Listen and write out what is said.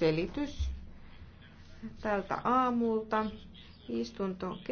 selitys tältä aamulta. Istunto kesken.